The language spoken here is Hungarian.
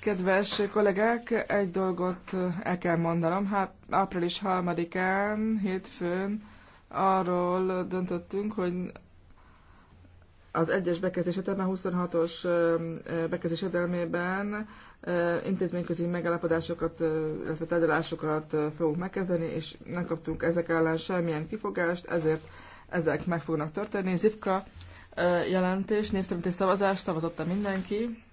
Kedves kollégák, egy dolgot eh, el kell mondanom. Hát április 3-án, hétfőn arról döntöttünk, hogy az egyes bekezdés a 26-os eh, eh, bekezdés edelmében intézményközi megállapodásokat, illetve tárgyalásokat fogunk megkezdeni, és nem kaptunk ezek ellen semmilyen kifogást, ezért ezek meg fognak történni. Zivka jelentés, népszerinti szavazás, szavazott mindenki.